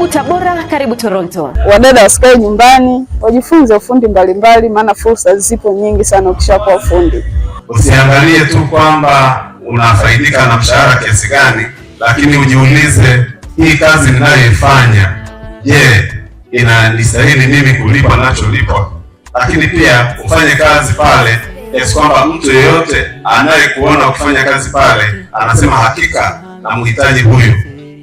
Karibu Tabora, karibu Toronto. Wadada wasikae nyumbani, wajifunze ufundi mbalimbali, maana fursa zipo nyingi sana ukishakuwa fundi. Usiangalie tu kwamba unafaidika na mshahara kiasi gani, lakini ujiulize, hii kazi ninayoifanya, je, yeah, inanistahili mimi kulipa nacholipwa? Lakini pia ufanye kazi pale kiasi kwamba mtu yeyote anayekuona ukifanya kazi pale anasema hakika namhitaji huyu.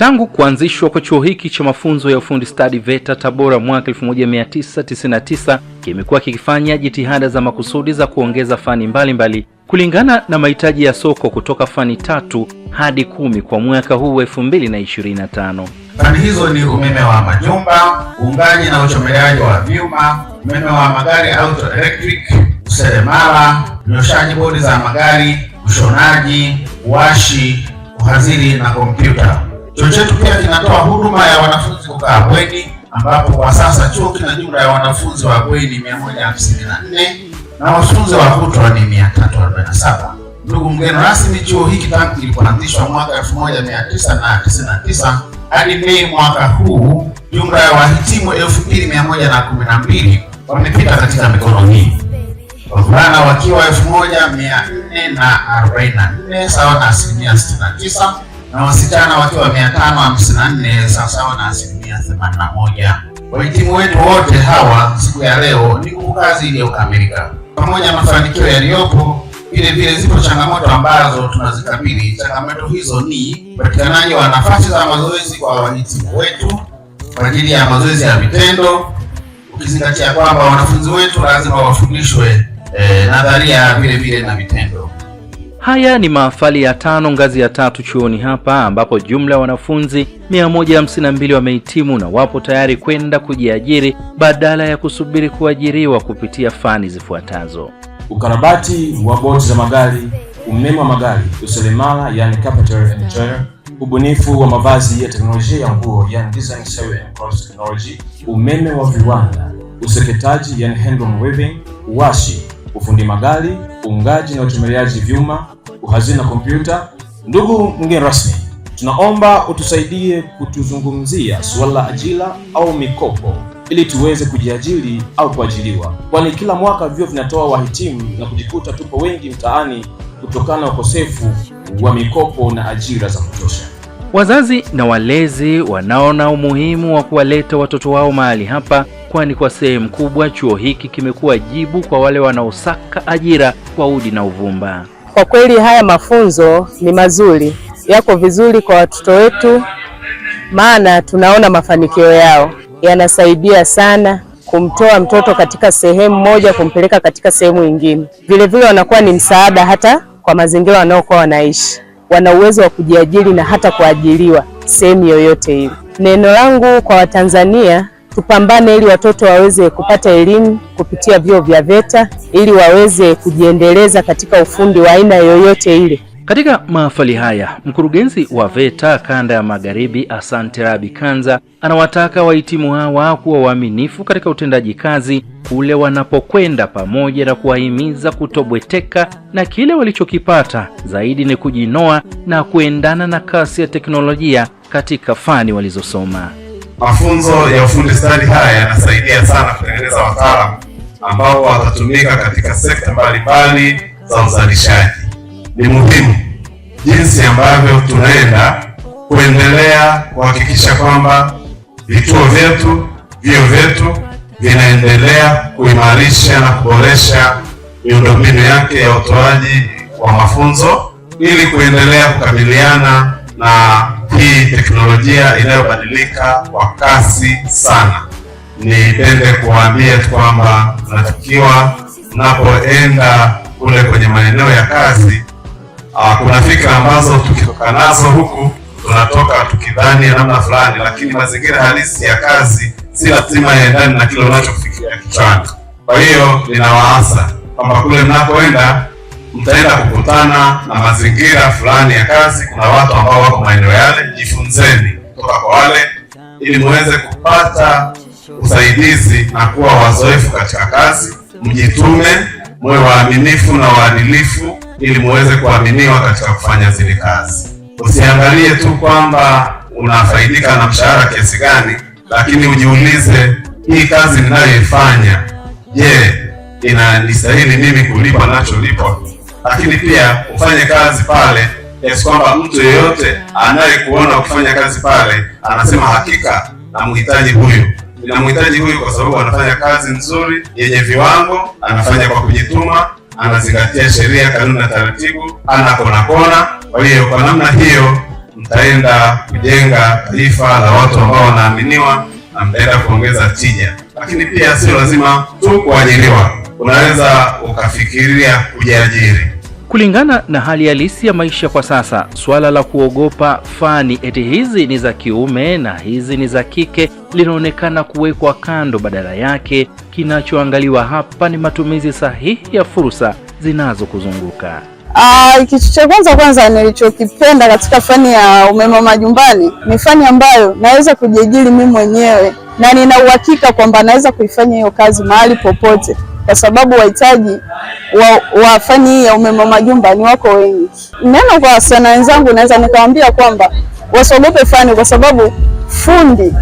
Tangu kuanzishwa kwa chuo hiki cha mafunzo ya ufundi stadi VETA Tabora mwaka 1999 kimekuwa kikifanya jitihada za makusudi za kuongeza fani mbalimbali mbali, kulingana na mahitaji ya soko kutoka fani tatu hadi kumi kwa mwaka huu 2025. Fani hizo ni umeme wa majumba, uungaji na uchomeleaji wa vyuma, umeme wa magari auto electric, useremala, nyoshaji bodi za magari, ushonaji, washi, uhaziri na kompyuta. Chuo chetu pia kinatoa huduma ya wanafunzi kukaa bweni, ambapo kwa sasa chuo kina jumla ya wanafunzi wa bweni 154 na wanafunzi wa kutwa ni 347. Ndugu mgeni rasmi, chuo hiki tangu kilipoanzishwa mwaka 1999 hadi Mei mwaka huu, jumla ya wahitimu 2112 wamepita katika mikono hii, wavulana wakiwa 1444 sawa na asilimia 69 na wasichana wakiwa 554 sawasawa na asilimia 81. Wahitimu wetu wote hawa siku ya leo ni nguvu kazi iliyokamilika. Pamoja na mafanikio yaliyopo, vile vile zipo changamoto ambazo tunazikabili. Changamoto hizo ni upatikanaji wa nafasi za mazoezi kwa wahitimu wetu kwa ajili ya mazoezi ya vitendo, ukizingatia kwamba wanafunzi wetu lazima wafundishwe eh, nadharia vile vile na vitendo. Haya ni maafali ya tano ngazi ya tatu chuoni hapa ambapo jumla ya wanafunzi 152 wamehitimu na wapo tayari kwenda kujiajiri badala ya kusubiri kuajiriwa kupitia fani zifuatazo: ukarabati wa boti za magari, umeme wa magari, useremala yani carpentry and ubunifu wa mavazi ya teknolojia ya nguo yani design and cross technology, umeme wa viwanda, useketaji yani handloom weaving, uwashi ufundi magari, uungaji na utemeleaji vyuma, uhazina kompyuta. Ndugu mgeni rasmi, tunaomba utusaidie kutuzungumzia suala la ajira au mikopo ili tuweze kujiajiri au kuajiliwa kwani kila mwaka vyuo vinatoa wahitimu na kujikuta tupo wengi mtaani kutokana na ukosefu wa mikopo na ajira za kutosha. Wazazi na walezi wanaona umuhimu wa kuwaleta watoto wao mahali hapa kwani kwa sehemu kubwa chuo hiki kimekuwa jibu kwa wale wanaosaka ajira kwa udi na uvumba. Kwa kweli haya mafunzo ni mazuri, yako vizuri kwa watoto wetu, maana tunaona mafanikio yao, yanasaidia sana kumtoa mtoto katika sehemu moja kumpeleka katika sehemu nyingine. Vilevile wanakuwa ni msaada hata kwa mazingira wanaokuwa wanaishi, wana uwezo wa kujiajiri na hata kuajiriwa sehemu yoyote ile. Neno langu kwa Watanzania tupambane ili watoto waweze kupata elimu kupitia vyuo vya VETA ili waweze kujiendeleza katika ufundi wa aina yoyote ile. Katika mahafali haya mkurugenzi wa VETA kanda ya Magharibi, Asante Rabi Kanza, anawataka wahitimu hawa kuwa waaminifu katika utendaji kazi kule wanapokwenda, pamoja na kuwahimiza kutobweteka na kile walichokipata, zaidi ni kujinoa na kuendana na kasi ya teknolojia katika fani walizosoma. Mafunzo ya ufundi stadi haya yanasaidia sana kutengeneza wataalamu ambao watatumika katika sekta mbalimbali za uzalishaji. Ni muhimu jinsi ambavyo tunaenda kuendelea kuhakikisha kwamba vituo vyetu, vyuo vyetu vinaendelea kuimarisha na kuboresha miundombinu yake ya utoaji wa mafunzo ili kuendelea kukabiliana na hii teknolojia inayobadilika kwa kasi sana. Nipende kuwaambia tu kwamba tunatakiwa, tunapoenda kule kwenye maeneo ya kazi, ah, kuna fikra ambazo tukitoka nazo huku tunatoka tukidhani ya namna fulani, lakini mazingira halisi ya kazi si lazima yaendane na kile unachofikiria kichwani. Kwa hiyo ninawaasa kwamba kule mnapoenda mtaenda kukutana na mazingira fulani ya kazi. Kuna watu ambao wako maeneo yale, jifunzeni kutoka kwa wale, ili muweze kupata usaidizi na kuwa wazoefu katika kazi. Mjitume, muwe waaminifu na waadilifu, ili muweze kuaminiwa katika kufanya zile kazi. Usiangalie tu kwamba unafaidika na mshahara kiasi gani, lakini ujiulize, hii kazi ninayoifanya, je, inanistahili mimi kulipa nacholipwa? lakini pia ufanye kazi pale kiasi kwamba mtu yeyote anayekuona ukifanya kazi pale anasema hakika namhitaji huyu, namhitaji huyu kwa sababu anafanya kazi nzuri yenye viwango, anafanya kwa kujituma, anazingatia sheria, kanuni na taratibu, ana kona kona. Kwa hiyo kwa namna hiyo mtaenda kujenga taifa la watu ambao wanaaminiwa na mtaenda kuongeza tija. Lakini pia sio lazima tu kuajiriwa, unaweza ukafikiria kujiajiri. Kulingana na hali halisi ya maisha kwa sasa, suala la kuogopa fani eti hizi ni za kiume na hizi ni za kike linaonekana kuwekwa kando. Badala yake, kinachoangaliwa hapa ni matumizi sahihi ya fursa zinazokuzunguka. Uh, kitu cha kwanza kwanza nilichokipenda katika fani ya umeme majumbani ni fani ambayo naweza kujiajiri mimi mwenyewe na nina uhakika kwamba naweza kuifanya hiyo kazi mahali popote kwa sababu wahitaji wa, wa fani ya umeme wa majumba ni wako wengi. Neno kwa sana wenzangu, naweza nikawaambia kwamba wasiogope fani, kwa sababu fundi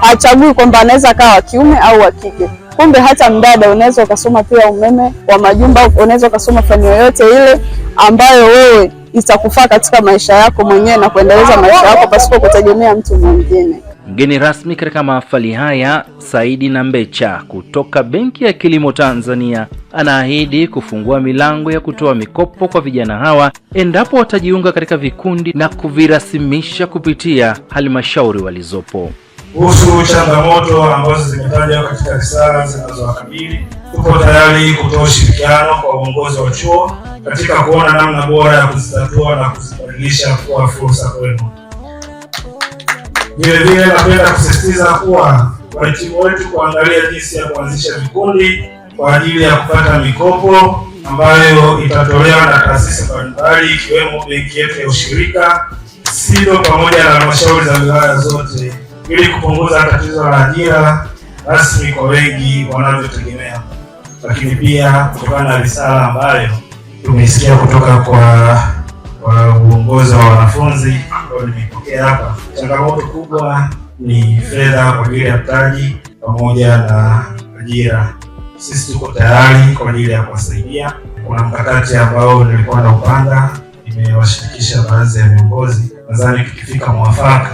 hachagui kwamba anaweza kaa wa kiume au wa kike. Kumbe hata mdada unaweza ukasoma pia umeme wa majumba, unaweza ukasoma fani yoyote ile ambayo wewe itakufaa katika maisha yako mwenyewe na kuendeleza maisha yako pasipo kutegemea mtu mwingine. Mgeni rasmi katika mahafali haya Saidi Nambecha kutoka Benki ya Kilimo Tanzania anaahidi kufungua milango ya kutoa mikopo kwa vijana hawa endapo watajiunga katika vikundi na kuvirasimisha kupitia halmashauri walizopo. Kuhusu changamoto ambazo zimetajwa katika risala zinazowakabili, tuko tayari kutoa ushirikiano kwa uongozi wa chuo katika kuona namna bora ya kuzitatua na kuzibadilisha kuwa fursa kwenu. Vilevile napenda kusisitiza kuwa wahitimu wetu kuangalia jinsi ya kuanzisha vikundi kwa ajili ya kupata mikopo ambayo itatolewa na taasisi mbalimbali ikiwemo benki yetu ya ushirika SIDO pamoja na halmashauri za wilaya zote ili kupunguza tatizo la ajira rasmi kwa wengi wanavyotegemea, lakini pia kutokana na risala ambayo tumeisikia kutoka kwa kubwa ni fedha kwa ajili ya mtaji pamoja na ajira. Sisi tuko tayari kwa ajili ya kuwasaidia. Kuna mkakati ambao nilikuwa na upanga, nimewashirikisha baadhi ya viongozi. Nadhani tukifika mwafaka,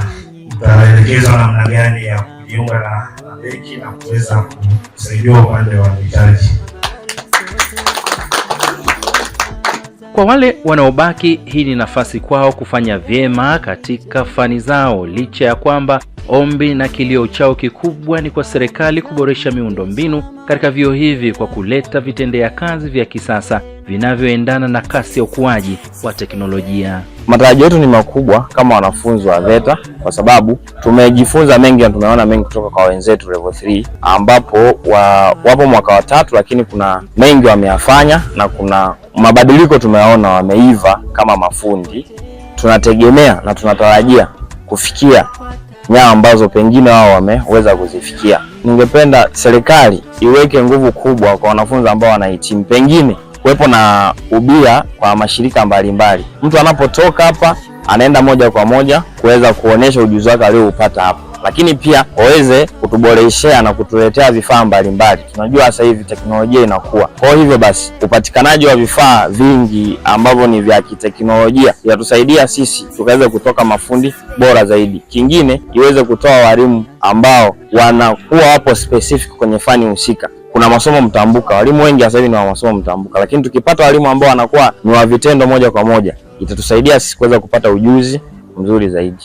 mtaelekezwa namna gani ya kujiunga na benki na kuweza kusaidiwa upande wa mitaji. Kwa wale wanaobaki, hii ni nafasi kwao kufanya vyema katika fani zao, licha ya kwamba ombi na kilio chao kikubwa ni kwa serikali kuboresha miundombinu katika vyuo hivi kwa kuleta vitendea kazi vya kisasa vinavyoendana na kasi ya ukuaji wa teknolojia. Matarajio yetu ni makubwa kama wanafunzi wa VETA kwa sababu tumejifunza mengi na tumeona mengi kutoka kwa wenzetu level 3 ambapo wa, wapo mwaka wa tatu, lakini kuna mengi wameyafanya na kuna mabadiliko tumeyaona, wameiva kama mafundi. Tunategemea na tunatarajia kufikia nyao ambazo pengine wao wameweza kuzifikia. Ningependa serikali iweke nguvu kubwa kwa wanafunzi ambao wanahitimu, pengine kuwepo na ubia kwa mashirika mbalimbali mbali. Mtu anapotoka hapa anaenda moja kwa moja kuweza kuonesha ujuzi wake alioupata hapa lakini pia waweze kutuboreshea na kutuletea vifaa mbalimbali. Tunajua sasa hivi teknolojia inakuwa, kwa hivyo basi upatikanaji wa vifaa vingi ambavyo ni vya kiteknolojia yatusaidia sisi tukaweza kutoka mafundi bora zaidi. Kingine iweze kutoa walimu ambao wanakuwa wapo specific kwenye fani husika. Kuna masomo mtambuka, walimu wengi sasa hivi ni wa masomo mtambuka, lakini tukipata walimu ambao wanakuwa ni wa vitendo moja kwa moja, itatusaidia sisi kuweza kupata ujuzi mzuri zaidi